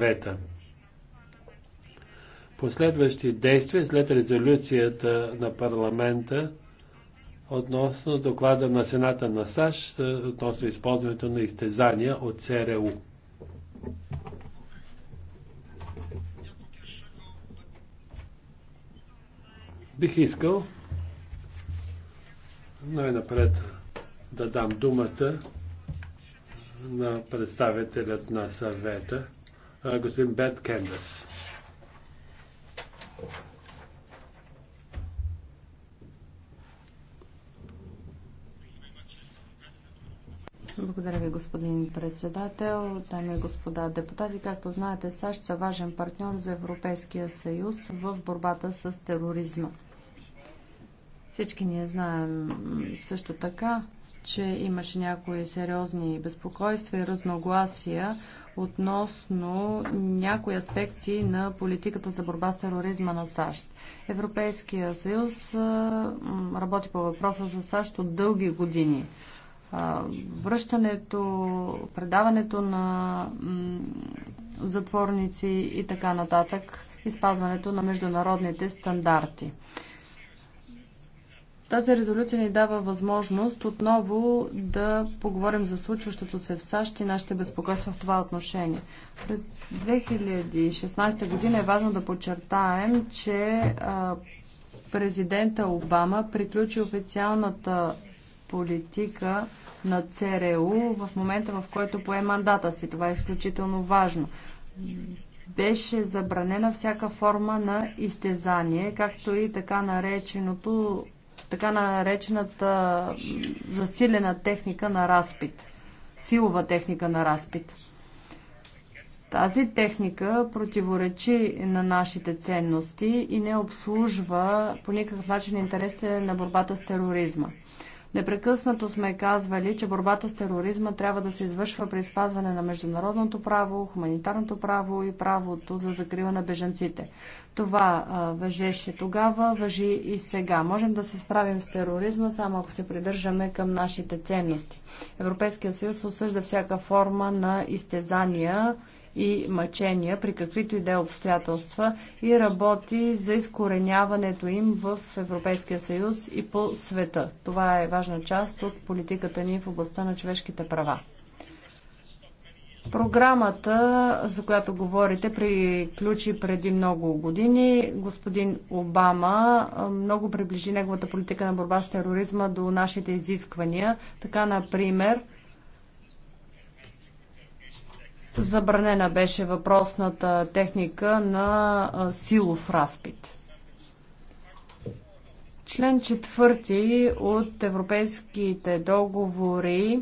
съвета. Последващи действия след резолюцията на парламента относно доклада на Сената на САЩ относно използването на изтезания от ЦРУ. Бих искал най-напред да дам думата на представителят на съвета господин Бет Кендас. Благодаря ви, господин председател. Дами и господа депутати, както знаете, САЩ са важен партньор за Европейския съюз в борбата с тероризма. Всички ние знаем също така, че имаше някои сериозни безпокойства и разногласия относно някои аспекти на политиката за борба с тероризма на САЩ. Европейския съюз работи по въпроса за САЩ от дълги години. Връщането, предаването на затворници и така нататък, изпазването на международните стандарти. Тази резолюция ни дава възможност отново да поговорим за случващото се в САЩ и нашите безпокойства в това отношение. През 2016 година е важно да подчертаем, че президента Обама приключи официалната политика на ЦРУ е в момента, в който пое мандата си. Това е изключително важно. Беше забранена всяка форма на изтезание, както и така нареченото така наречената засилена техника на разпит, силова техника на разпит. Тази техника противоречи на нашите ценности и не обслужва по никакъв начин интересите на борбата с тероризма. Непрекъснато сме казвали, че борбата с тероризма трябва да се извършва при спазване на международното право, хуманитарното право и правото за закрива на бежанците. Това въжеше тогава, въжи и сега. Можем да се справим с тероризма само ако се придържаме към нашите ценности. Европейския съюз осъжда всяка форма на изтезания и мъчения при каквито и да е обстоятелства и работи за изкореняването им в Европейския съюз и по света. Това е важна част от политиката ни в областта на човешките права. Програмата, за която говорите, приключи преди много години. Господин Обама много приближи неговата политика на борба с тероризма до нашите изисквания. Така, например, Забранена беше въпросната техника на силов разпит. Член четвърти от европейските договори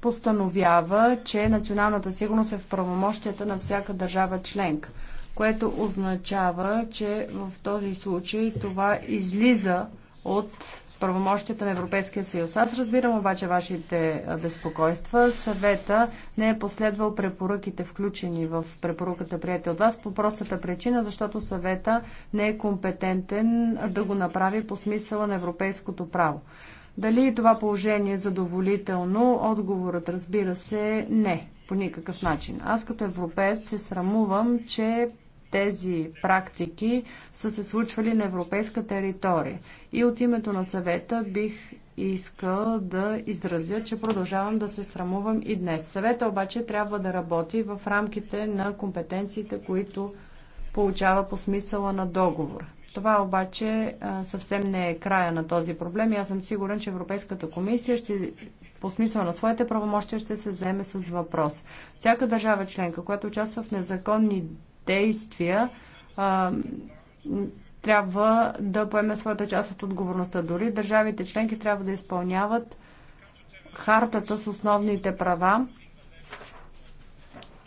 постановява, че националната сигурност е в правомощията на всяка държава членка, което означава, че в този случай това излиза от правомощията на Европейския съюз. Аз разбирам обаче вашите безпокойства. Съвета не е последвал препоръките, включени в препоръката, приятел от вас, по простата причина, защото съвета не е компетентен да го направи по смисъла на европейското право. Дали това положение е задоволително? Отговорът, разбира се, не по никакъв начин. Аз като европеец се срамувам, че тези практики са се случвали на европейска територия. И от името на съвета бих искал да изразя, че продължавам да се срамувам и днес. Съвета обаче трябва да работи в рамките на компетенциите, които получава по смисъла на договора. Това обаче съвсем не е края на този проблем и аз съм сигурен, че Европейската комисия ще, по смисъл на своите правомощия ще се вземе с въпрос. Всяка държава членка, която участва в незаконни действия а, трябва да поеме своята част от отговорността. Дори държавите членки трябва да изпълняват хартата с основните права.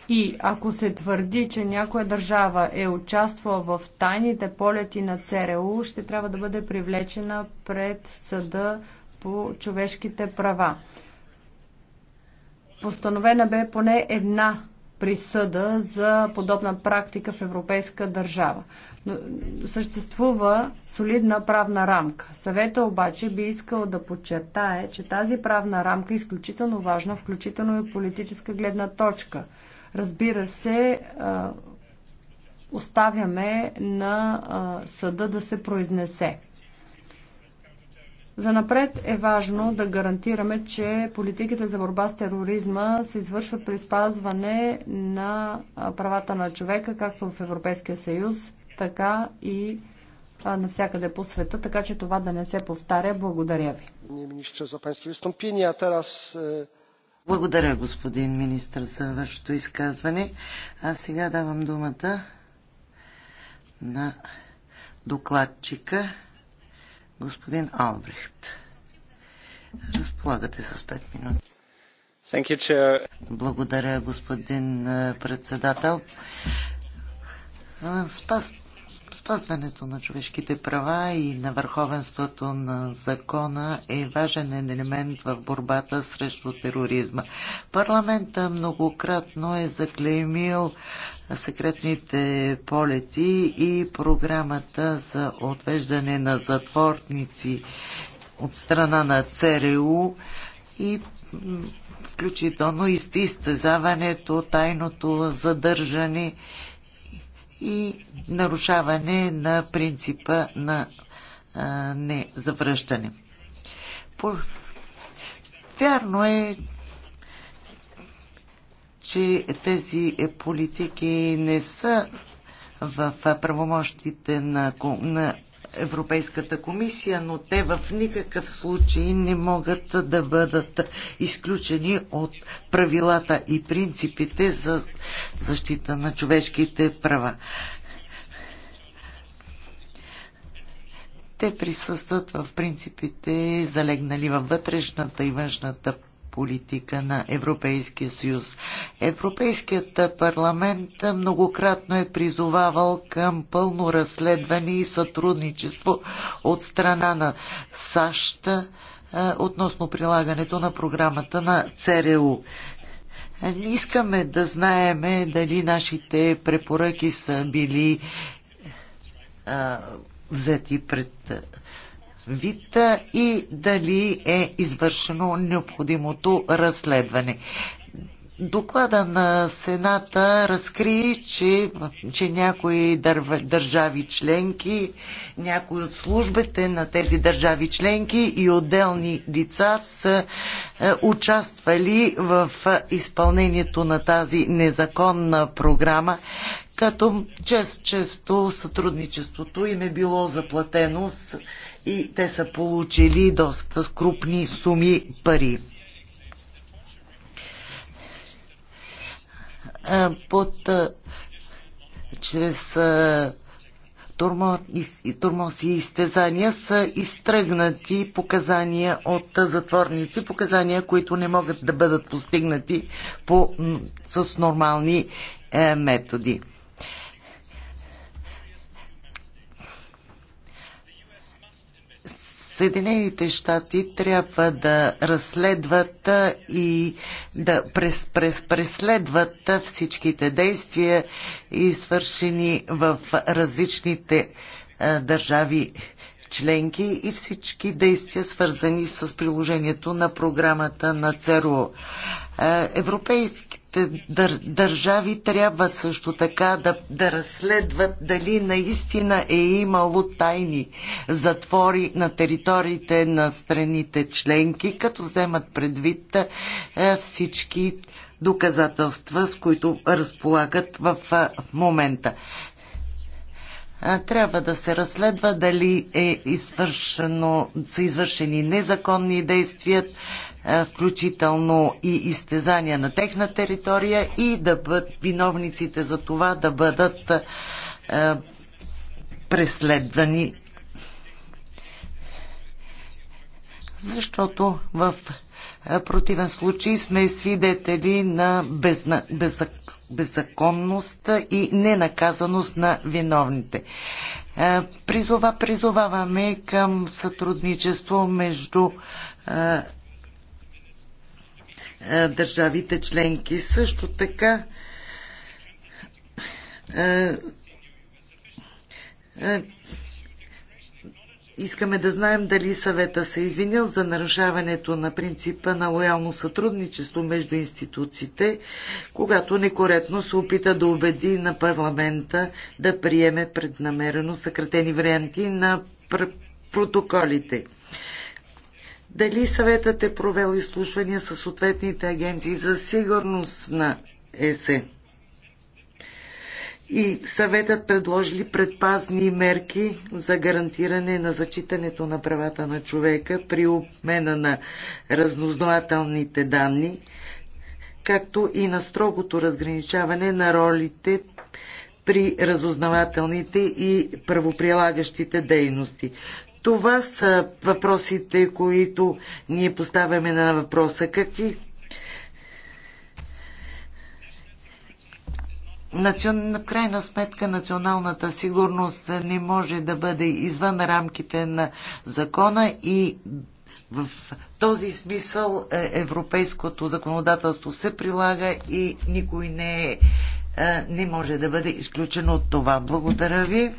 И ако се твърди, че някоя държава е участвала в тайните полети на ЦРУ, ще трябва да бъде привлечена пред съда по човешките права. Постановена бе поне една присъда за подобна практика в европейска държава. Но съществува солидна правна рамка. Съвета обаче би искал да подчертае, че тази правна рамка е изключително важна, включително и политическа гледна точка. Разбира се, оставяме на съда да се произнесе. За напред е важно да гарантираме, че политиките за борба с тероризма се извършват при спазване на правата на човека, както в Европейския съюз, така и навсякъде по света, така че това да не се повтаря. Благодаря ви. Е, Благодаря, господин министр, за вашето изказване. А сега давам думата на докладчика. Господин Албрехт, разполагате с 5 минути. You, Благодаря, господин председател. Спас, Спазването на човешките права и на върховенството на закона е важен елемент в борбата срещу тероризма. Парламента многократно е заклеймил секретните полети и програмата за отвеждане на затворници от страна на ЦРУ и включително изтистезаването, тайното задържане и нарушаване на принципа на а, незавръщане. По... Вярно е, че тези политики не са в правомощите на, на Европейската комисия, но те в никакъв случай не могат да бъдат изключени от правилата и принципите за защита на човешките права. Те присъстват в принципите, залегнали във вътрешната и външната политика на Европейския съюз. Европейският парламент многократно е призовавал към пълно разследване и сътрудничество от страна на САЩ относно прилагането на програмата на ЦРУ. Искаме да знаеме дали нашите препоръки са били а, взети пред вид и дали е извършено необходимото разследване. Доклада на Сената разкри, че, че някои държави членки, някои от службите на тези държави членки и отделни лица са е, участвали в е, изпълнението на тази незаконна програма, като чест, често сътрудничеството им е било заплатено с и те са получили доста скрупни суми пари. Под, чрез турмоз и изтезания са изтръгнати показания от затворници, показания, които не могат да бъдат постигнати по, с нормални е, методи. Съединените щати трябва да разследват и да прес, прес, преследват всичките действия, извършени в различните държави членки и всички действия, свързани с приложението на програмата на ЦРУ. Европейски дър, държави трябва също така да, да разследват дали наистина е имало тайни затвори на териториите на страните членки, като вземат предвид е, всички доказателства, с които разполагат в е, момента е, трябва да се разследва дали е извършено, са извършени незаконни действия, включително и изтезания на техна територия и да бъдат виновниците за това да бъдат преследвани. Защото в противен случай сме свидетели на безна... беззак... беззаконност и ненаказаност на виновните. Призова, призоваваме към сътрудничество между държавите членки. Също така Искаме да знаем дали съвета се е извинил за нарушаването на принципа на лоялно сътрудничество между институциите, когато некоректно се опита да убеди на парламента да приеме преднамерено съкратени варианти на протоколите. Дали съветът е провел изслушвания с съответните агенции за сигурност на ЕСЕ? И съветът предложи ли предпазни мерки за гарантиране на зачитането на правата на човека при обмена на разнознавателните данни, както и на строгото разграничаване на ролите при разузнавателните и правоприлагащите дейности. Това са въпросите, които ние поставяме на въпроса. Какви Национ... крайна сметка националната сигурност не може да бъде извън рамките на закона и в този смисъл е, европейското законодателство се прилага и никой не, е, е, не може да бъде изключен от това. Благодаря ви.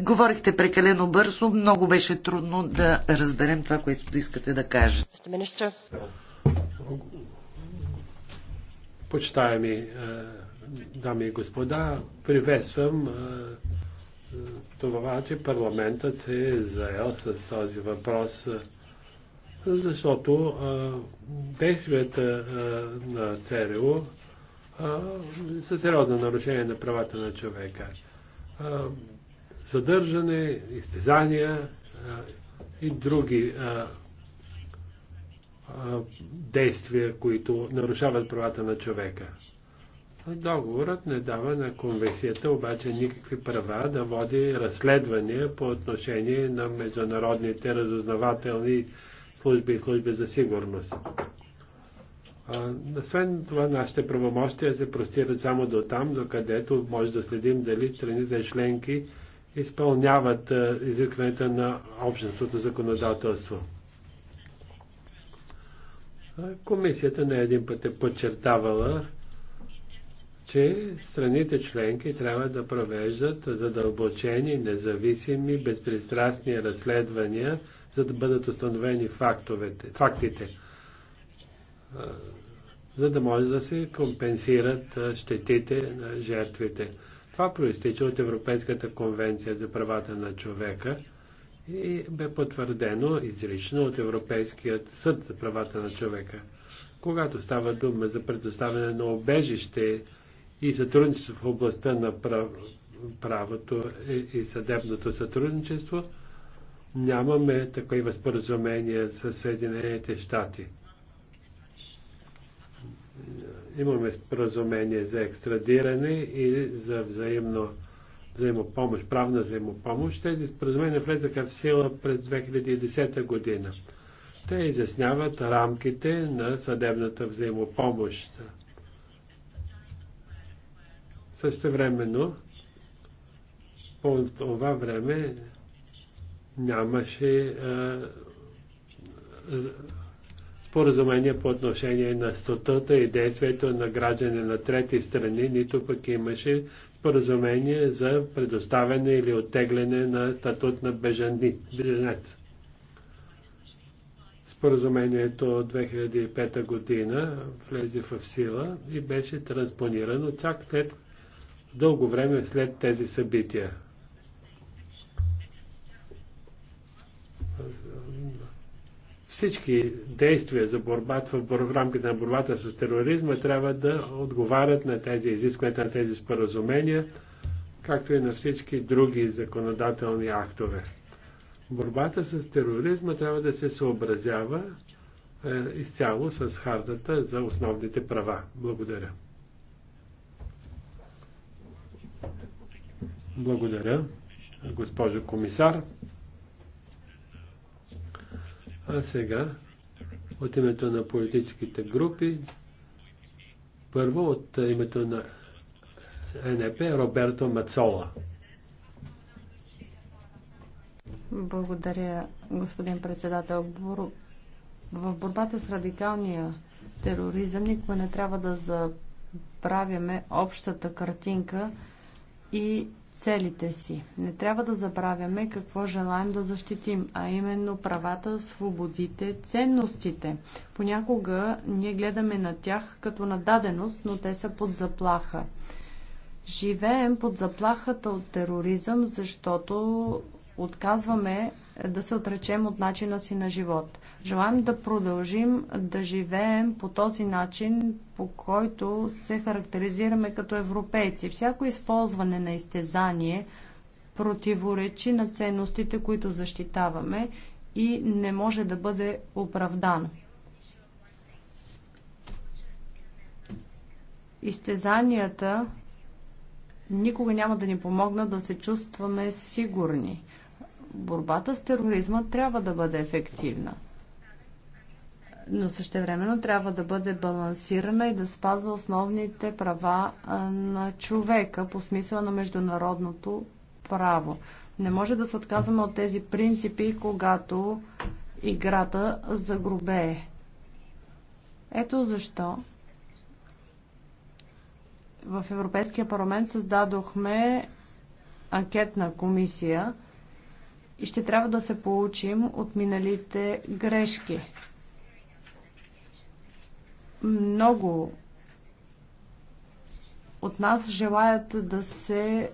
Говорихте прекалено бързо, много беше трудно да разберем това, което искате да кажете. Почитаеми е, дами и господа, приветствам е, това, че парламентът се е заел с този въпрос, е, защото действията на ЦРУ са сериозно нарушение на правата на човека задържане, изтезания и други действия, които нарушават правата на човека. Договорът не дава на конвенцията обаче никакви права да води разследвания по отношение на международните разузнавателни служби и служби за сигурност. Освен това, нашите правомощия се простират само до там, докъдето може да следим дали страните членки изпълняват изискванията на общностното законодателство. Комисията не един път е подчертавала, че страните членки трябва да провеждат задълбочени, независими, безпристрастни разследвания, за да бъдат установени фактовете, фактите, за да може да се компенсират щетите на жертвите. Това проистича от Европейската конвенция за правата на човека и бе потвърдено изрично от Европейският съд за правата на човека. Когато става дума за предоставяне на обежище и сътрудничество в областта на прав... правото и съдебното сътрудничество, нямаме такива споразумения с Съединените щати имаме споразумение за екстрадиране и за взаимно взаимопомощ, правна взаимопомощ. Тези споразумения влезаха в сила през 2010 година. Те изясняват рамките на съдебната взаимопомощ. Също времено, по това време нямаше а, споразумение по отношение на статута и действието на граждане на трети страни, нито пък имаше споразумение за предоставяне или оттегляне на статут на беженец. Споразумението от 2005 година влезе в сила и беше транспонирано чак след дълго време след тези събития. Всички действия за борбата в рамките на борбата с тероризма трябва да отговарят на тези изисквания, на тези споразумения, както и на всички други законодателни актове. Борбата с тероризма трябва да се съобразява е, изцяло с хардата за основните права. Благодаря. Благодаря, госпожо комисар. А сега, от името на политическите групи, първо от името на НП Роберто Мацола. Благодаря, господин председател. В борбата с радикалния тероризъм никога не трябва да забравяме общата картинка и целите си. Не трябва да забравяме какво желаем да защитим, а именно правата, свободите, ценностите. Понякога ние гледаме на тях като на даденост, но те са под заплаха. Живеем под заплахата от тероризъм, защото отказваме да се отречем от начина си на живот. Желаем да продължим да живеем по този начин, по който се характеризираме като европейци. Всяко използване на изтезание противоречи на ценностите, които защитаваме и не може да бъде оправдано. Изтезанията никога няма да ни помогнат да се чувстваме сигурни. Борбата с тероризма трябва да бъде ефективна – но същевременно трябва да бъде балансирана и да спазва основните права на човека по смисъла на международното право. Не може да се отказваме от тези принципи, когато играта загрубее. Ето защо в Европейския парламент създадохме анкетна комисия и ще трябва да се получим от миналите грешки. Много от нас желаят да се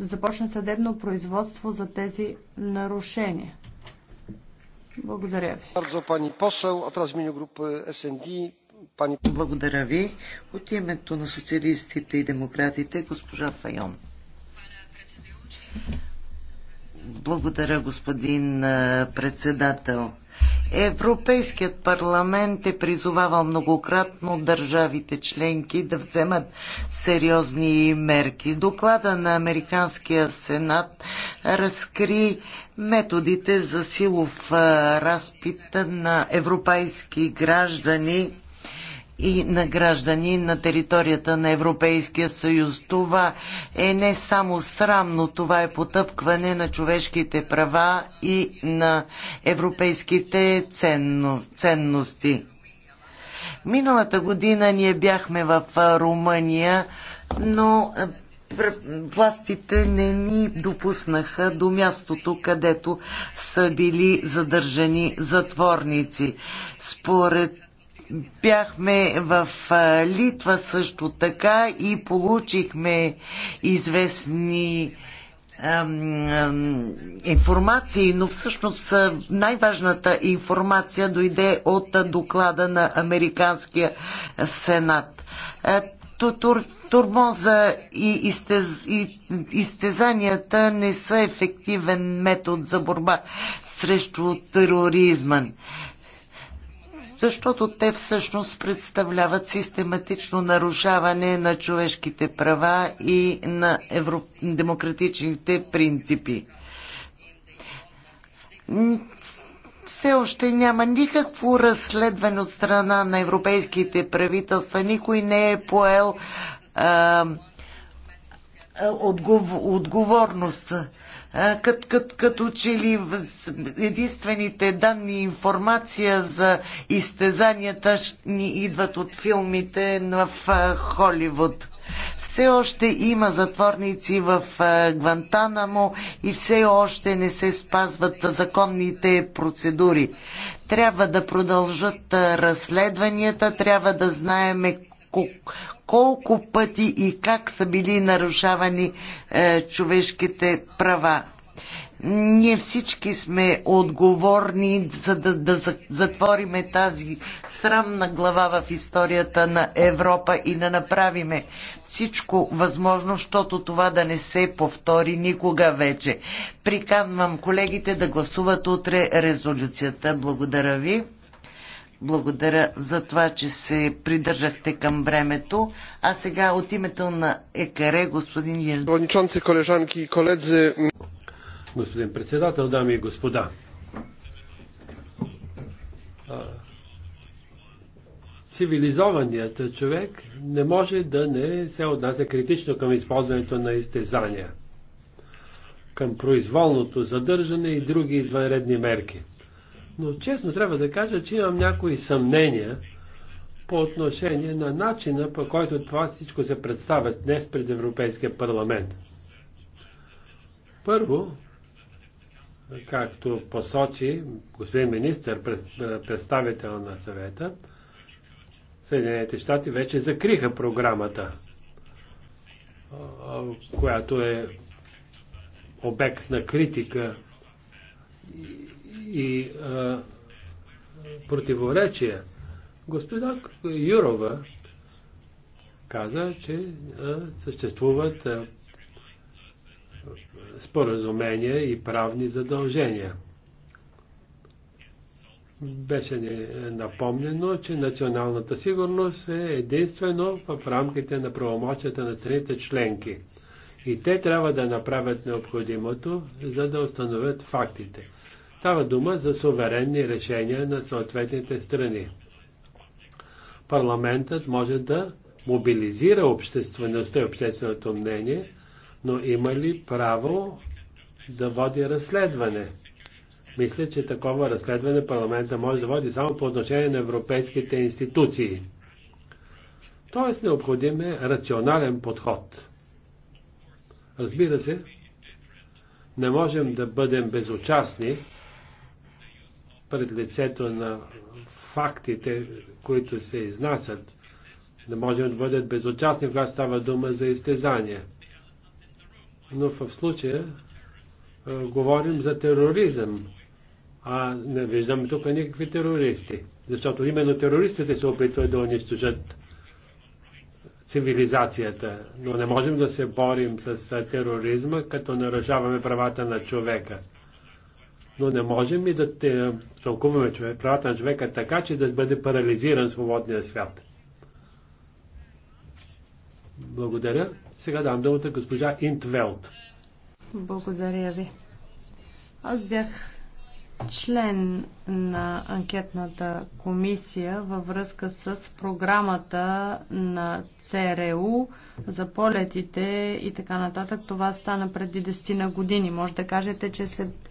започне съдебно производство за тези нарушения. Благодаря ви. Благодаря ви. От името на социалистите и демократите, госпожа Файон. Благодаря, господин председател. Европейският парламент е призовавал многократно държавите членки да вземат сериозни мерки. Доклада на Американския сенат разкри методите за силов разпит на европейски граждани и на граждани на територията на Европейския съюз. Това е не само срамно, това е потъпкване на човешките права и на европейските ценно, ценности. Миналата година ние бяхме в Румъния, но властите не ни допуснаха до мястото, където са били задържани затворници. Според Бяхме в Литва също така и получихме известни информации, но всъщност най-важната информация дойде от доклада на Американския сенат. Тур, турмоза и, изтез, и изтезанията не са ефективен метод за борба срещу тероризма защото те всъщност представляват систематично нарушаване на човешките права и на евро... демократичните принципи. Все още няма никакво разследване от страна на европейските правителства. Никой не е поел а, отговор, отговорност като, като, като че ли единствените данни и информация за изтезанията ни идват от филмите в Холивуд. Все още има затворници в Гвантанамо и все още не се спазват законните процедури. Трябва да продължат разследванията, трябва да знаеме колко пъти и как са били нарушавани е, човешките права. Ние всички сме отговорни за да, да затвориме тази срамна глава в историята на Европа и да направиме всичко възможно, защото това да не се повтори никога вече. Приканвам колегите да гласуват утре резолюцията. Благодаря ви. Благодаря за това, че се придържахте към времето. А сега от името на ЕКР, господин колеги. Господин председател, дами и господа. Цивилизованият човек не може да не се отнася критично към използването на изтезания, към произволното задържане и други извънредни мерки – но честно трябва да кажа, че имам някои съмнения по отношение на начина, по който това всичко се представя днес пред Европейския парламент. Първо, както посочи господин министър, представител на съвета, Съединените щати вече закриха програмата, която е обект на критика и а, противоречия. Господа Юрова каза, че а, съществуват а, споразумения и правни задължения. Беше ни напомнено, че националната сигурност е единствено в рамките на правомощията на страните членки. И те трябва да направят необходимото, за да установят фактите. Става дума за суверенни решения на съответните страни. Парламентът може да мобилизира обществеността и общественото мнение, но има ли право да води разследване? Мисля, че такова разследване парламента може да води само по отношение на европейските институции. Тоест необходим е рационален подход. Разбира се, не можем да бъдем безучастни пред лицето на фактите, които се изнасят, да можем да бъдат безучастни, когато става дума за изтезания. Но в случая говорим за тероризъм, а не виждам тук никакви терористи, защото именно терористите се опитват да унищожат цивилизацията, но не можем да се борим с тероризма, като нарушаваме правата на човека но не можем и да те, тълкуваме човек, правата на човека така, че да бъде парализиран свободния свят. Благодаря. Сега дам думата госпожа Интвелт. Благодаря ви. Аз бях член на анкетната комисия във връзка с програмата на ЦРУ е за полетите и така нататък. Това стана преди 10 на години. Може да кажете, че след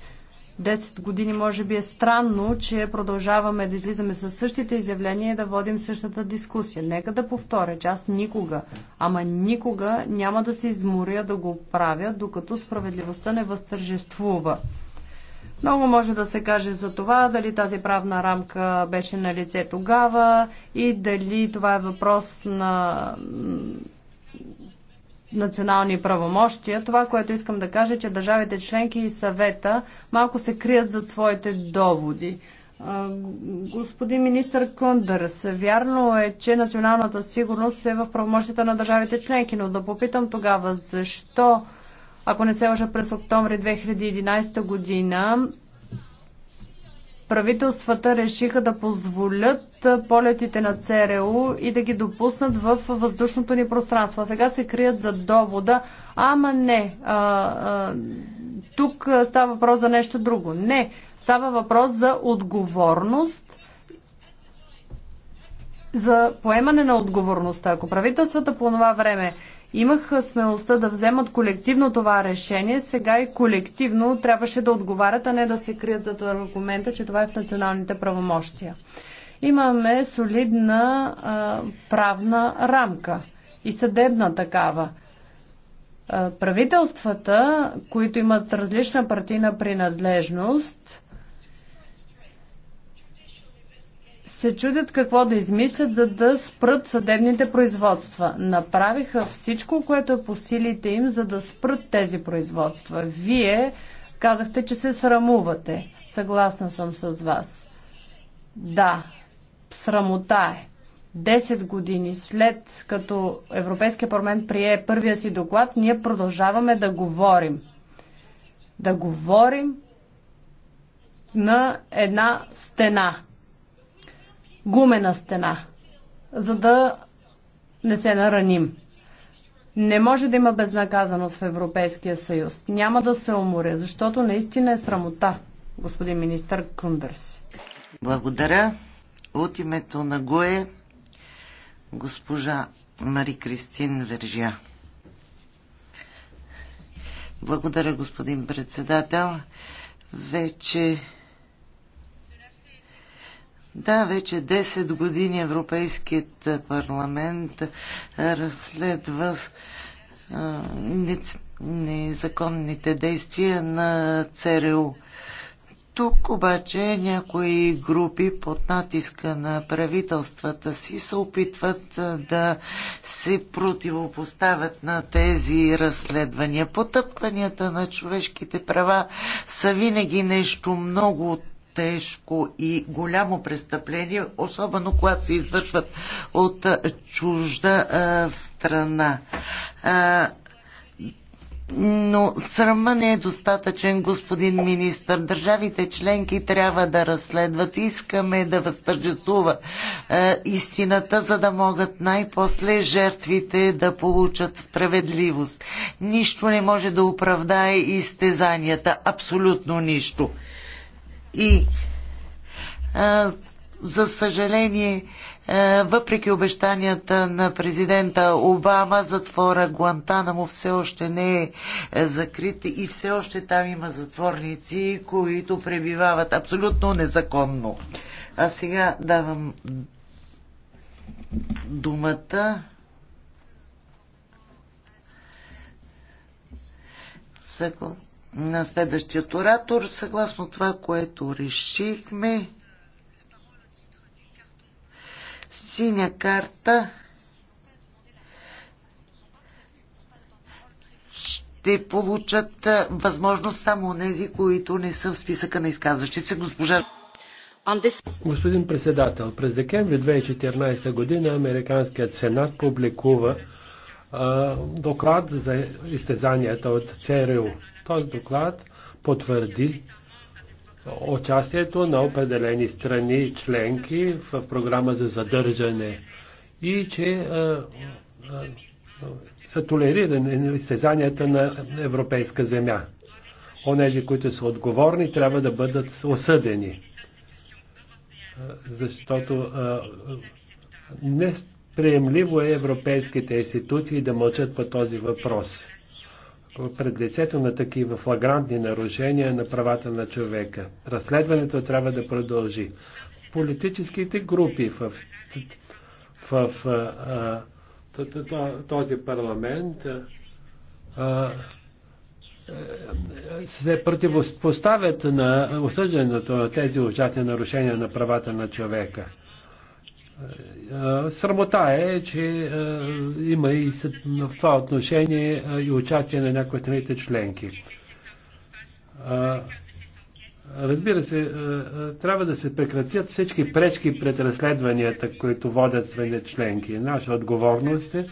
10 години може би е странно, че продължаваме да излизаме със същите изявления и да водим същата дискусия. Нека да повторя, че аз никога, ама никога няма да се изморя да го правя, докато справедливостта не възтържествува. Много може да се каже за това, дали тази правна рамка беше на лице тогава и дали това е въпрос на национални правомощия. Това, което искам да кажа, е, че държавите членки и съвета малко се крият зад своите доводи. Господин министр Кундърс, вярно е, че националната сигурност е в правомощите на държавите членки, но да попитам тогава защо, ако не се лъжа през октомври 2011 година, правителствата решиха да позволят полетите на ЦРУ и да ги допуснат в въздушното ни пространство. А сега се крият за довода, ама не, а, а, тук става въпрос за нещо друго. Не, става въпрос за отговорност за поемане на отговорността. Ако правителствата по това време имаха смелостта да вземат колективно това решение, сега и колективно трябваше да отговарят, а не да се крият за аргумента, че това е в националните правомощия. Имаме солидна а, правна рамка и съдебна такава. А, правителствата, които имат различна партийна принадлежност, се чудят какво да измислят, за да спрат съдебните производства. Направиха всичко, което е по силите им, за да спрат тези производства. Вие казахте, че се срамувате. Съгласна съм с вас. Да, срамота е. 10 години след като Европейския парламент прие първия си доклад, ние продължаваме да говорим. Да говорим на една стена гумена стена, за да не се нараним. Не може да има безнаказаност в Европейския съюз. Няма да се уморя, защото наистина е срамота, господин министър Кундърс. Благодаря. От името на ГОЕ госпожа Мари Кристин Вержия. Благодаря, господин председател. Вече да, вече 10 години Европейският парламент разследва незаконните действия на ЦРУ. Тук обаче някои групи под натиска на правителствата си се опитват да се противопоставят на тези разследвания. Потъпванията на човешките права са винаги нещо много тежко и голямо престъпление, особено когато се извършват от чужда а, страна. А, но срама не е достатъчен, господин министр. Държавите членки трябва да разследват. Искаме да възтържествува е, истината, за да могат най-после жертвите да получат справедливост. Нищо не може да оправдае изтезанията. Абсолютно нищо. И а, за съжаление, а, въпреки обещанията на президента Обама, затвора Гуантанамо все още не е, е закрит и все още там има затворници, които пребивават абсолютно незаконно. А сега давам думата за на следващия оратор. Съгласно това, което решихме, синя карта ще получат възможност само тези, които не са в списъка на изказващи се. Госпожа... Господин председател, през декември 2014 година Американският сенат публикува а, доклад за изтезанията от ЦРУ. Този доклад потвърди участието на определени страни членки в програма за задържане и че а, е, а, е, са толерирани съзанията на европейска земя. Онези, които са отговорни, трябва да бъдат осъдени. Защото а, е, неприемливо е европейските институции да мълчат по този въпрос пред лицето на такива флагрантни нарушения на правата на човека. Разследването трябва да продължи. Политическите групи в, в, в а, този парламент а, се противопоставят на осъждането на тези ужасни нарушения на правата на човека. Срамота е, че е, има и в това отношение е, и участие на някои страните членки. Е, разбира се, трябва да се прекратят всички пречки пред разследванията, които водят страните членки. Наша отговорност е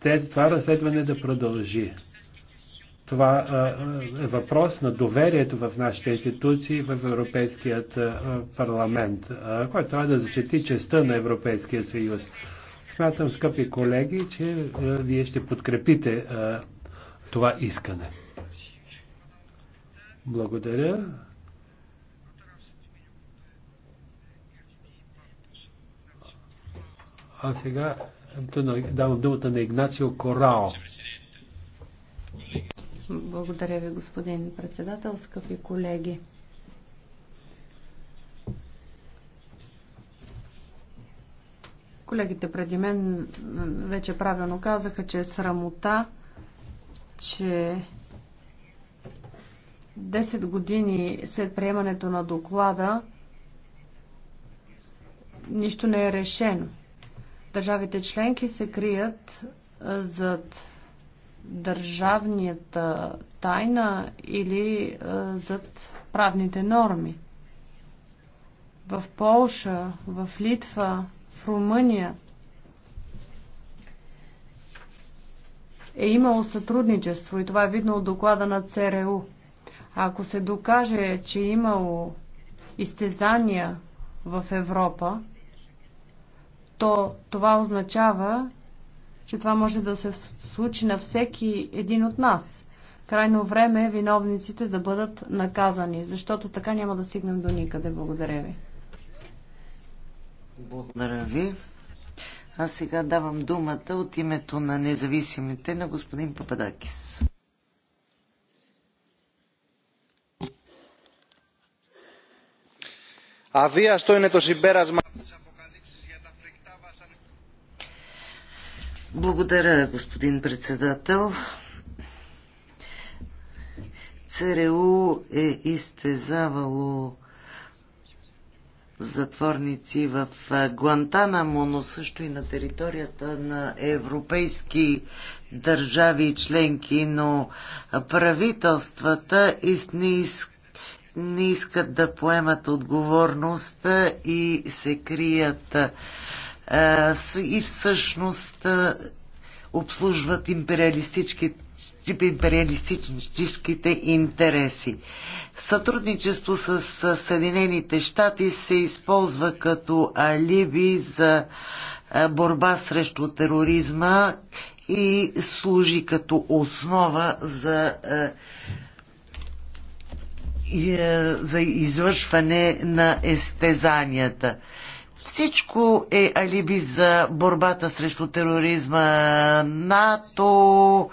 тези това разследване да продължи. Това е въпрос на доверието в нашите институции, в Европейският парламент, който трябва да защити честа на Европейския съюз. Смятам, скъпи колеги, че вие ще подкрепите това искане. Благодаря. А сега давам думата на Игнацио Корао. Благодаря ви, господин председател, скъпи колеги. Колегите преди мен вече правилно казаха, че е срамота, че 10 години след приемането на доклада нищо не е решено. Държавите членки се крият зад държавнията тайна или а, зад правните норми. В Полша, в Литва, в Румъния е имало сътрудничество и това е видно от доклада на ЦРУ. Е а ако се докаже, че е имало изтезания в Европа, то това означава, че това може да се случи на всеки един от нас. Крайно време е виновниците да бъдат наказани, защото така няма да стигнем до никъде. Благодаря ви. Благодаря ви. А сега давам думата от името на независимите на господин Пападакис. А вие Αβίαστο είναι το συμπέρασμα της Благодаря, господин председател. ЦРУ е изтезавало затворници в Гуантанамо, но също и на територията на европейски държави и членки, но правителствата не, не искат да поемат отговорност и се крият е, и всъщност е, обслужват империалистическите интереси. Сътрудничество с Съединените щати се използва като алиби за е, борба срещу тероризма и служи като основа за, за извършване на естезанията. Всичко е алиби за борбата срещу тероризма. НАТО,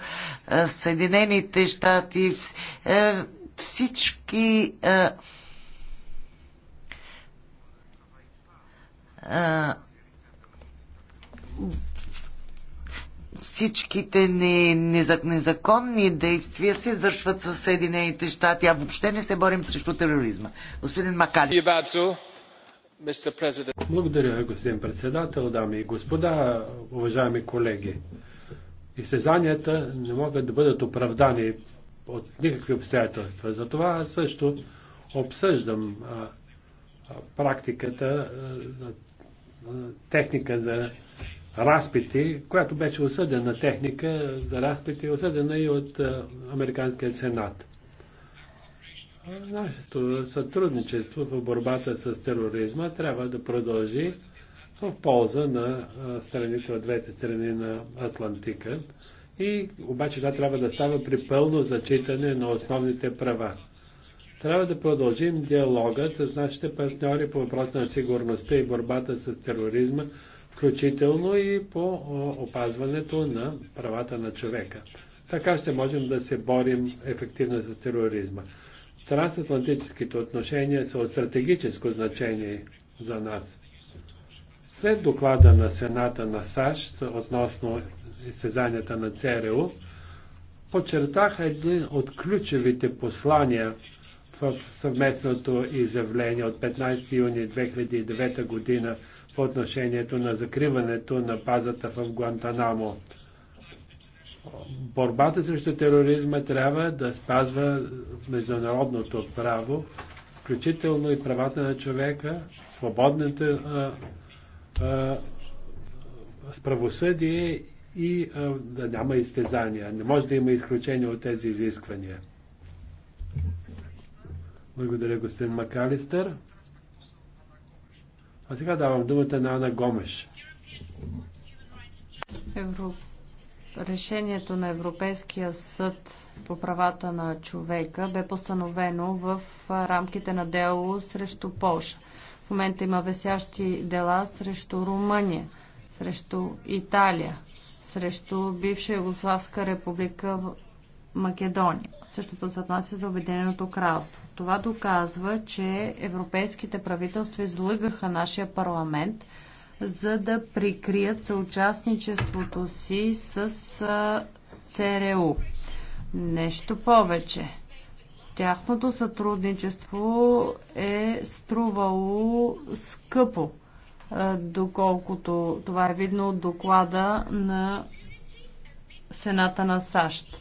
е, Съединените щати, е, всички е, всичките незаконни действия се извършват със Съединените щати, а въобще не се борим срещу тероризма. Господин Макали. Благодаря, господин председател, дами и господа, уважаеми колеги. Изтезанията не могат да бъдат оправдани от никакви обстоятелства. Затова аз също обсъждам а, а, практиката, а, техника за разпити, която беше осъдена техника за разпити, осъдена и от Американския сенат. Нашето сътрудничество в борбата с тероризма трябва да продължи в полза на страните от двете страни на Атлантика. И обаче това трябва да става при пълно зачитане на основните права. Трябва да продължим диалогът с нашите партньори по въпроса на сигурността и борбата с тероризма, включително и по опазването на правата на човека. Така ще можем да се борим ефективно с тероризма. Трансатлантическите отношения са от стратегическо значение за нас. След доклада на Сената на САЩ относно изтезанията на ЦРУ, подчертаха един от ключовите послания в съвместното изявление от 15 юни 2009 година по отношението на закриването на базата в Гуантанамо борбата срещу тероризма трябва да спазва международното право, включително и правата на човека, свободната а, а, и а, да няма изтезания. Не може да има изключение от тези изисквания. Благодаря, господин Макалистър. А сега давам думата на Ана Гомеш. Европа решението на Европейския съд по правата на човека бе постановено в рамките на дело срещу Польша. В момента има висящи дела срещу Румъния, срещу Италия, срещу бивша Югославска република Македония. Същото се отнася за Обединеното кралство. Това доказва, че европейските правителства излъгаха нашия парламент – за да прикрият съучастничеството си с ЦРУ. Нещо повече. Тяхното сътрудничество е струвало скъпо, доколкото това е видно от доклада на Сената на САЩ.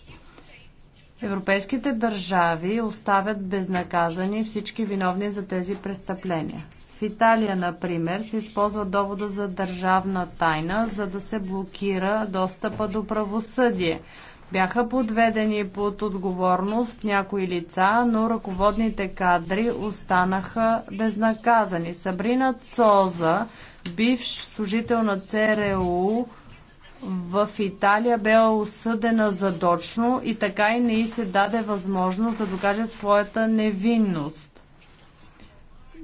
Европейските държави оставят безнаказани всички виновни за тези престъпления. В Италия, например, се използва довода за държавна тайна, за да се блокира достъпа до правосъдие. Бяха подведени под отговорност някои лица, но ръководните кадри останаха безнаказани. Сабрина Цоза, бивш служител на ЦРУ, в Италия бе осъдена задочно и така и не й се даде възможност да докаже своята невинност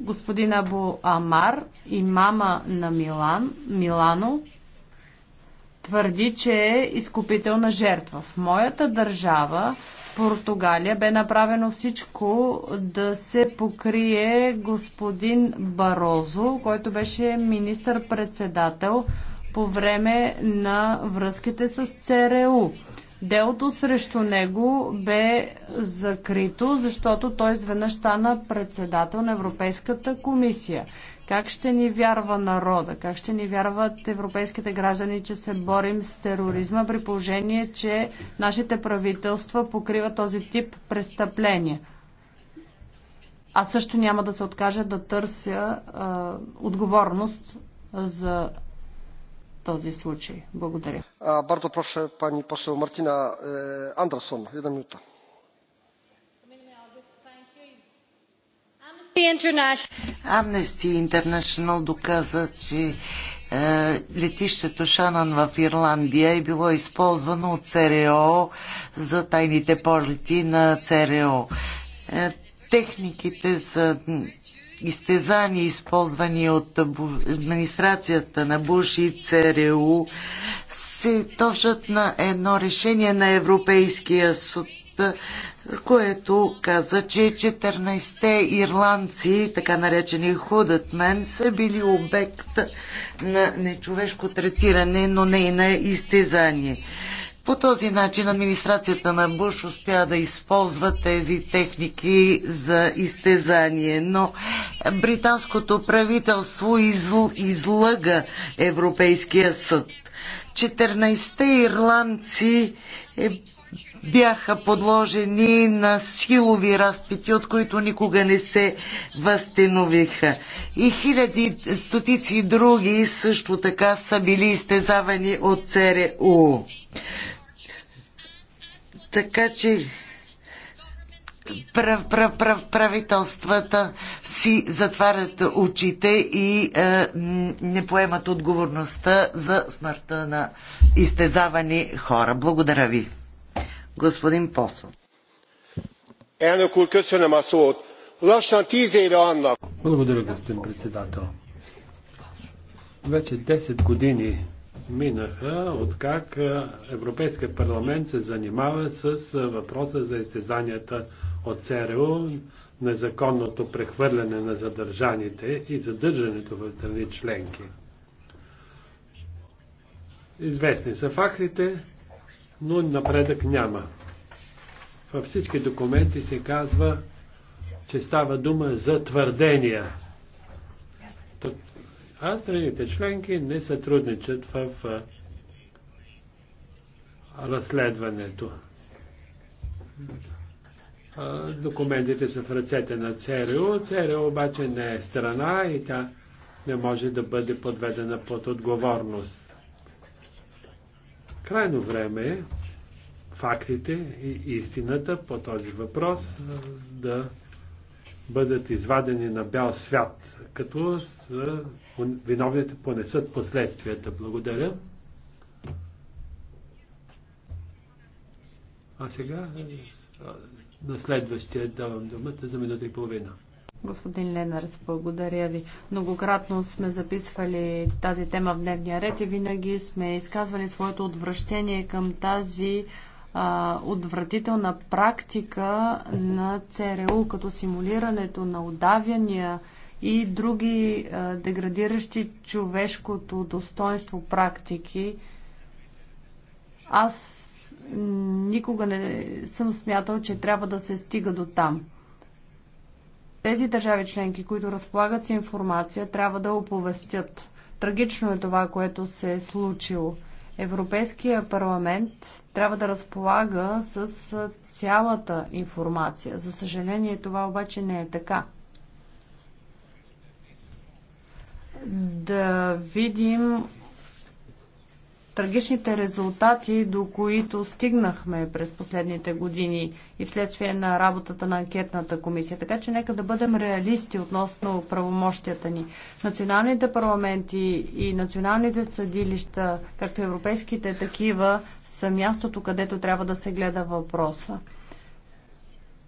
господин Абу Амар, имама на Милан, Милано, твърди, че е изкупителна жертва. В моята държава, Португалия, бе направено всичко да се покрие господин Барозо, който беше министър-председател по време на връзките с ЦРУ. Делото срещу него бе закрито, защото той изведнъж стана председател на Европейската комисия. Как ще ни вярва народа? Как ще ни вярват европейските граждани, че се борим с тероризма при положение, че нашите правителства покриват този тип престъпления? А също няма да се откажа да търся а, отговорност за този случай. Благодаря. Бардо проше пани посел Мартина е, Андерсон. Една минута. Amnesty International доказа, че е, летището Шанан в Ирландия е било използвано от ЦРО за тайните полети на ЦРО. Е, техниките за изтезания, използвани от администрацията на Буш и ЦРУ, се точат на едно решение на Европейския суд което каза, че 14-те ирландци, така наречени худътмен, са били обект на нечовешко третиране, но не и на изтезание. По този начин администрацията на Буш успя да използва тези техники за изтезание, но британското правителство изл... излъга Европейския съд. 14-те ирландци е... бяха подложени на силови разпити, от които никога не се възстановиха. И хиляди, стотици други също така са били изтезавани от ЦРУ. Е така че прав, прав, прав, правителствата си затварят очите и е, не поемат отговорността за смъртта на изтезавани хора. Благодаря ви. Господин Посол. Благодаря, господин председател. Вече 10 години минаха, откак Европейския парламент се занимава с въпроса за изтезанията от ЦРУ, незаконното прехвърляне на задържаните и задържането в страни членки. Известни са фактите, но напредък няма. Във всички документи се казва, че става дума за твърдения, а страните членки не сътрудничат в разследването. Документите са в ръцете на ЦРУ. ЦРУ обаче не е страна и тя не може да бъде подведена под отговорност. Крайно време е фактите и истината по този въпрос да бъдат извадени на бял свят, като виновните понесат последствията. Благодаря. А сега на следващия давам думата за минута и половина. Господин Ленарс, благодаря ви. Многократно сме записвали тази тема в дневния ред и винаги сме изказвали своето отвращение към тази а, отвратителна практика на ЦРУ, като симулирането на удавяния и други а, деградиращи човешкото достоинство практики. Аз никога не съм смятал, че трябва да се стига до там. Тези държави членки, които разполагат с информация, трябва да оповестят. Трагично е това, което се е случило. Европейския парламент трябва да разполага с цялата информация. За съжаление това обаче не е така. Да видим трагичните резултати, до които стигнахме през последните години и вследствие на работата на анкетната комисия. Така че нека да бъдем реалисти относно правомощията ни. Националните парламенти и националните съдилища, както европейските такива, са мястото, където трябва да се гледа въпроса.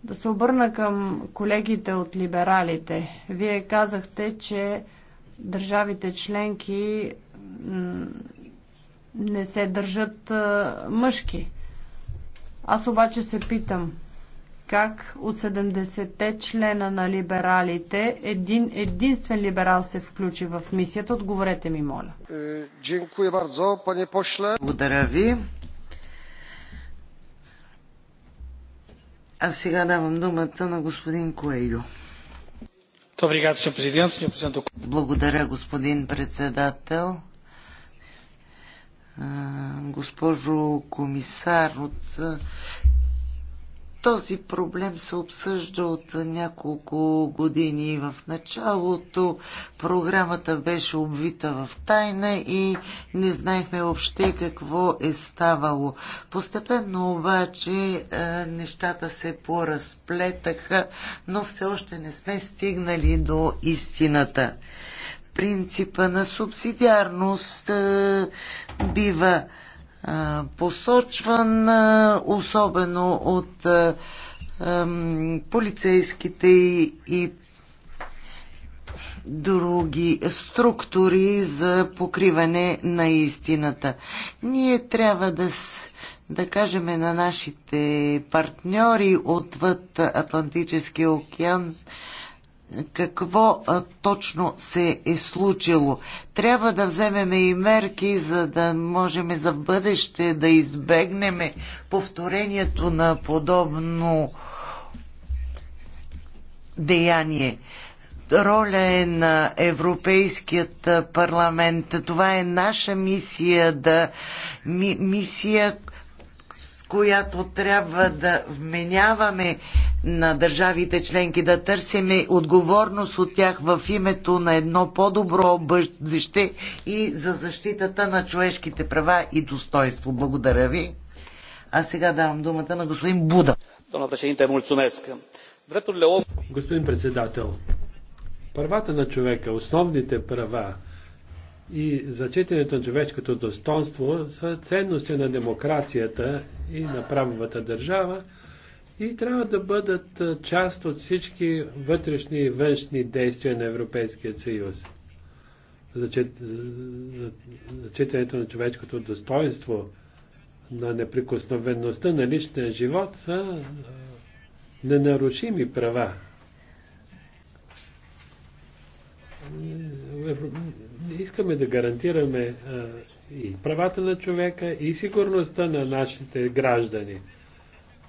Да се обърна към колегите от либералите. Вие казахте, че държавите членки не се държат мъжки. Аз обаче се питам, как от 70-те члена на либералите един единствен либерал се включи в мисията? Отговорете ми, моля. Е, Благодаря ви. А сега давам думата на господин Коелю. Благодаря, господин председател госпожо комисар, от този проблем се обсъжда от няколко години. В началото програмата беше обвита в тайна и не знаехме въобще какво е ставало. Постепенно обаче нещата се поразплетаха, но все още не сме стигнали до истината принципа на субсидиарност е, бива е, посочван, е, особено от полицейските и други структури за покриване на истината. Ние трябва да, да кажем на нашите партньори отвъд Атлантическия океан, какво а, точно се е случило. Трябва да вземем и мерки, за да можем за в бъдеще да избегнем повторението на подобно деяние. Роля е на Европейският парламент. Това е наша мисия да ми, мисия, с която трябва да вменяваме на държавите членки, да търсим отговорност от тях в името на едно по-добро бъдеще и за защитата на човешките права и достоинство. Благодаря ви. А сега давам думата на господин Буда. Господин председател, правата на човека, основните права и зачитането на човешкото достоинство са ценности на демокрацията и на правовата държава, и трябва да бъдат част от всички вътрешни и външни действия на Европейския съюз. Зачитането на човешкото достоинство, на неприкосновеността на личния живот са ненарушими права. Искаме да гарантираме и правата на човека, и сигурността на нашите граждани.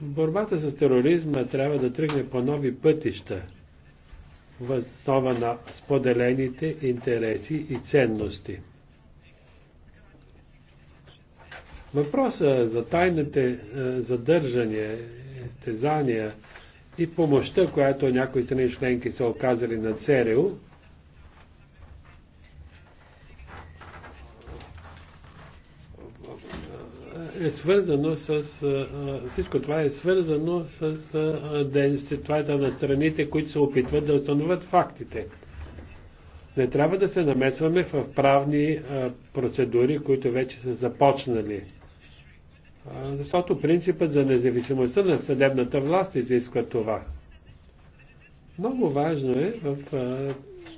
Борбата с тероризма трябва да тръгне по нови пътища, възстава на споделените интереси и ценности. Въпроса за тайните е, задържания, стезания и помощта, която някои страни членки са оказали на ЦРУ, е свързано с... Всичко това е свързано с Това е да на страните, които се опитват да установят фактите. Не трябва да се намесваме в правни процедури, които вече са започнали. Защото принципът за независимостта на съдебната власт изисква това. Много важно е в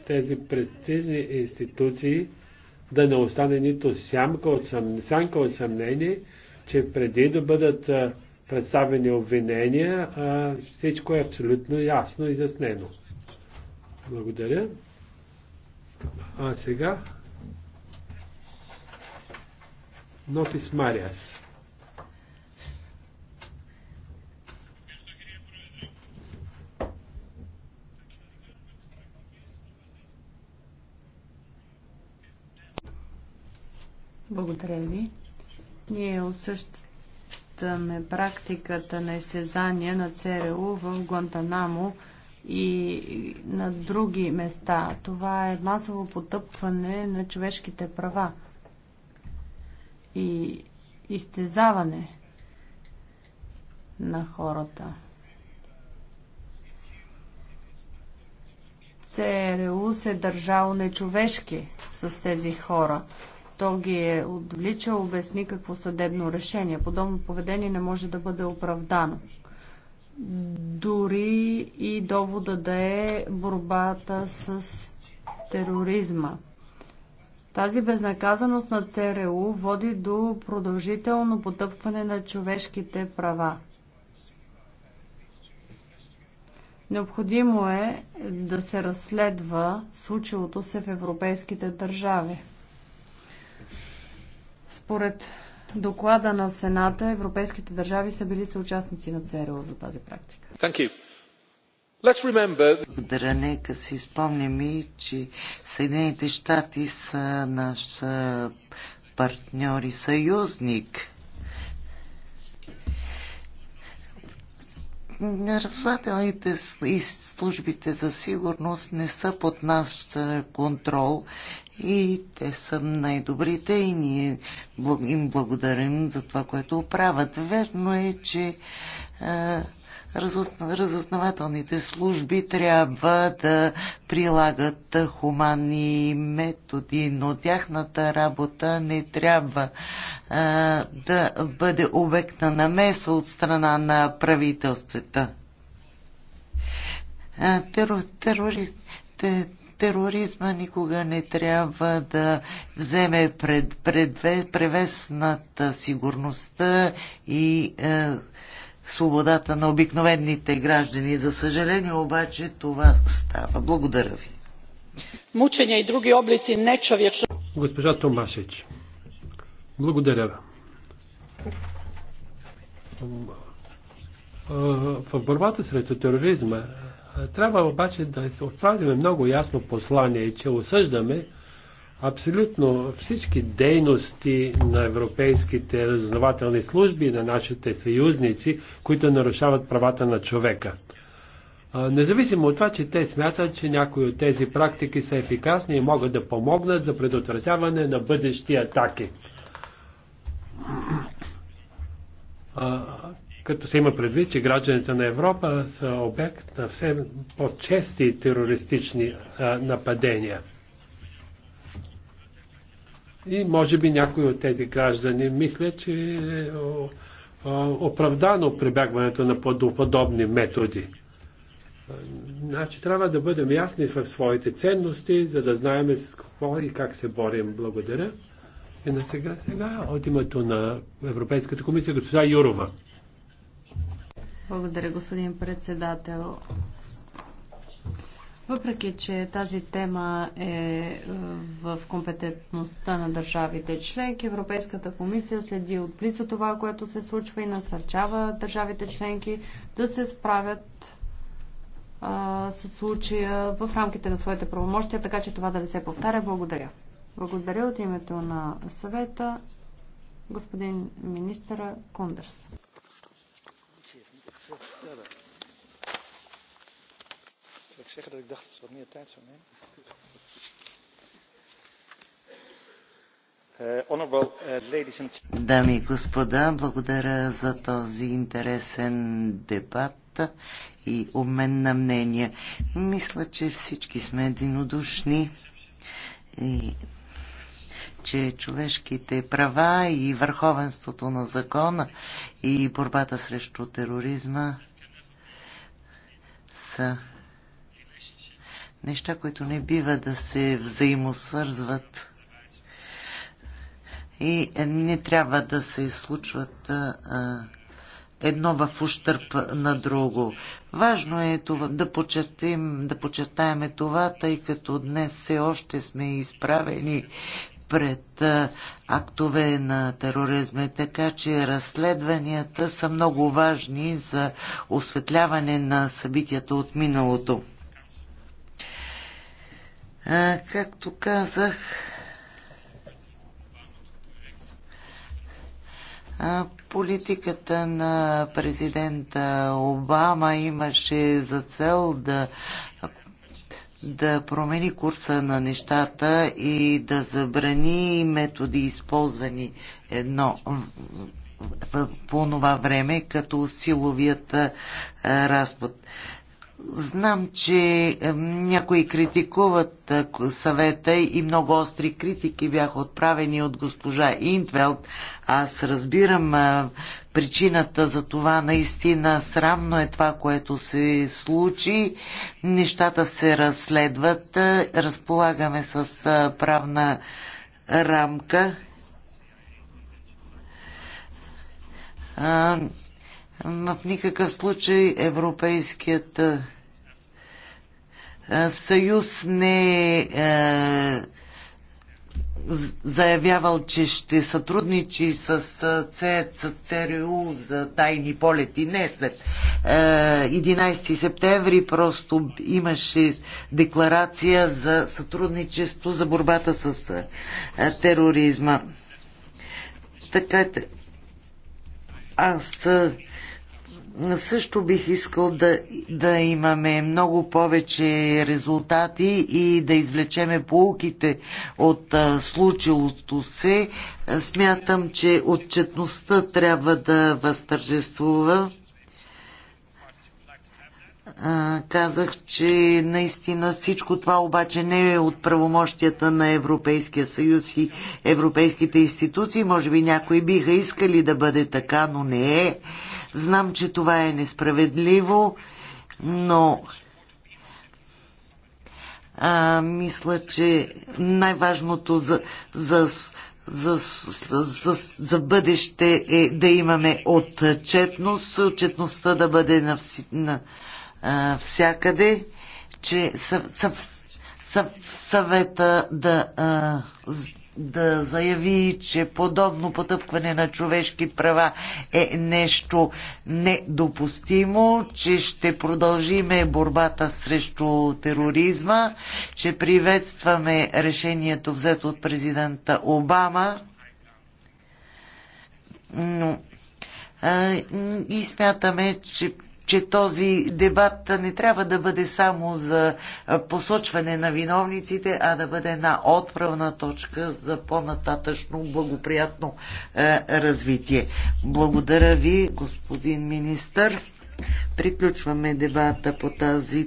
тези престижни институции да не остане нито сянка от, съм... сянка от съмнение, че преди да бъдат представени обвинения, всичко е абсолютно ясно и изяснено. Благодаря. А сега Нопис мариас. Благодаря ви. Ние осъщаме практиката на изтезания на ЦРУ в Гуантанамо и на други места. Това е масово потъпване на човешките права и изтезаване на хората. ЦРУ се е държало нечовешки с тези хора то ги е отвличал без никакво съдебно решение. Подобно поведение не може да бъде оправдано. Дори и довода да е борбата с тероризма. Тази безнаказаност на ЦРУ води до продължително потъпване на човешките права. Необходимо е да се разследва случилото се в европейските държави. Според доклада на Сената, европейските държави са били съучастници на ЦРУ за тази практика. Благодаря, нека си спомним и, че Съединените щати са наш партньор и съюзник. разузнавателните и службите за сигурност не са под наш контрол и те са най-добрите и ние им благодарим за това, което правят. Верно е, че а, разузнавателните служби трябва да прилагат хуманни методи, но тяхната работа не трябва а, да бъде обект на намеса от страна на правителствата. тероризма никога не трябва да вземе пред, пред, превес над сигурността и свободата на обикновените граждани. За съжаление обаче това става. Благодаря ви. Мучения и други облици нечовечно. Госпожа Томашич, благодаря. В борбата срещу тероризма трябва обаче да се отправим много ясно послание, че осъждаме Абсолютно всички дейности на европейските разузнавателни служби и на нашите съюзници, които нарушават правата на човека. Независимо от това, че те смятат, че някои от тези практики са ефикасни и могат да помогнат за предотвратяване на бъдещи атаки. Като се има предвид, че гражданите на Европа са обект на все по-чести терористични нападения. И може би някои от тези граждани мисля, че е оправдано прибягването на подобни методи. Значи трябва да бъдем ясни в своите ценности, за да знаем с какво и как се борим. Благодаря. И на сега, сега от името на Европейската комисия, госпожа Юрова. Благодаря, господин председател. Въпреки, че тази тема е, е в компетентността на държавите членки, Европейската комисия следи отблизо това, което се случва и насърчава държавите членки да се справят със случая в рамките на своите правомощия, така че това да не се повтаря. Благодаря. Благодаря от името на съвета господин министъра Кундърс zeggen dat ik dacht dat ze wat meer tijd zou nemen. Eh, eh, Дами и господа, благодаря за този интересен дебат и обмен на мнения. Мисля, че всички сме единодушни и че човешките права и върховенството на закона и борбата срещу тероризма са неща, които не бива да се взаимосвързват и не трябва да се случват а, едно в ущърп на друго. Важно е това, да, почертим, да почертаеме това, тъй като днес все още сме изправени пред а, актове на тероризма, така че разследванията са много важни за осветляване на събитията от миналото. А, както казах, Политиката на президента Обама имаше за цел да, да промени курса на нещата и да забрани методи, използвани едно по това време като силовият разпод. Знам, че е, някои критикуват е, съвета и много остри критики бяха отправени от госпожа Интвелд. Аз разбирам е, причината за това. Наистина срамно е това, което се случи. Нещата се разследват. Разполагаме с правна рамка в никакъв случай Европейският е, съюз не е, е заявявал, че ще сътрудничи с, е, с, с ЦРУ за тайни полети. Не, след 11 септември просто имаше декларация за сътрудничество за борбата с тероризма. Така, аз също бих искал да, да имаме много повече резултати и да извлечеме полуките от а, случилото се. Смятам, че отчетността трябва да възтържествува казах, че наистина всичко това обаче не е от правомощията на Европейския съюз и европейските институции. Може би някои биха искали да бъде така, но не е. Знам, че това е несправедливо, но а, мисля, че най-важното за, за за, за, за бъдеще е да имаме отчетност, отчетността да бъде на, на, а, всякъде, че съ, съвета да, а, да заяви, че подобно потъпкване на човешки права е нещо недопустимо, че ще продължиме борбата срещу тероризма, че приветстваме решението взето от президента Обама. Но и смятаме, че че този дебат не трябва да бъде само за посочване на виновниците, а да бъде една отправна точка за по-нататъчно благоприятно е, развитие. Благодаря ви, господин министър. Приключваме дебата по тази